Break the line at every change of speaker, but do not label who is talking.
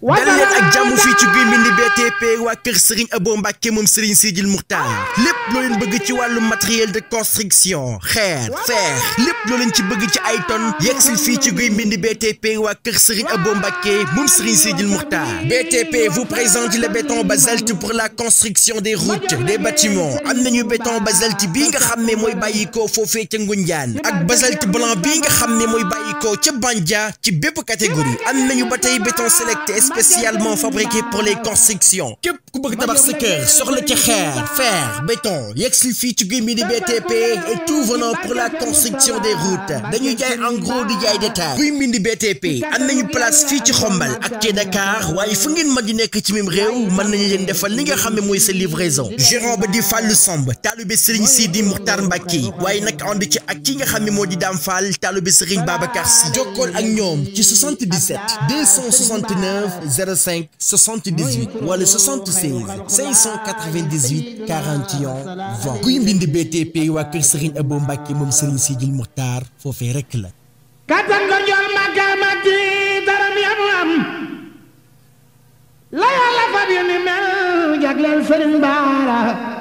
dal leen ak jàmm fii ci Gouy Mbinde BTP waa kër Serigne Abo Mbacke moom Serigne Sidil Moukhtar lépp loo bëgg ci wàllu matériel de construction xeer fer lépp loo leen ci bëgg ci ay tonnes yegsi fii ci Gouy mbind BTP waa kër Serigne Abo Mbacke moom Serigne Sidil Moukhtar BTP vous présente le béton basalte pour la construction de routes des bâtiments am nañu béton basalte bi nga xam ne mooy bàyyikoo foofee ca Ngunjaan ak basalte blanc bi nga xam ne mooy bàyyikoo ca Bandia ci bépp catégorie am spécialement fabriqué pour les constructions képp ku bëgg tabax sa kër soxla ci xeer fer béton yegsil fii ci guy mini BTP et tout venant pour la construction des routes dañuy jaay en gros di jaay détail guy mini BTP am nañu place fii ci xombal ak ci Dakar waaye fu ngeen mën di nekk ci mim réew mën nañu leen defal li nga xam ne mooy sa livraison gérant ba di Fallou Samb taalibe Serigne Sidi Moukhtar Mbacké waaye nag ànd ci ak ki nga xam ne moo di Dame Fall taalibe Serigne Babacar Sy jokkool ak ñoom ci 77 05 78 wala 76 598 41 20 kuy mbind BTP waa kër Serigne Abo Mbacke moom Serigne Sidil Muxtaar foofee rek la. kattan ko jol màkkaamati daram yamu am la fab yu ni mel jagleel Serigne Bara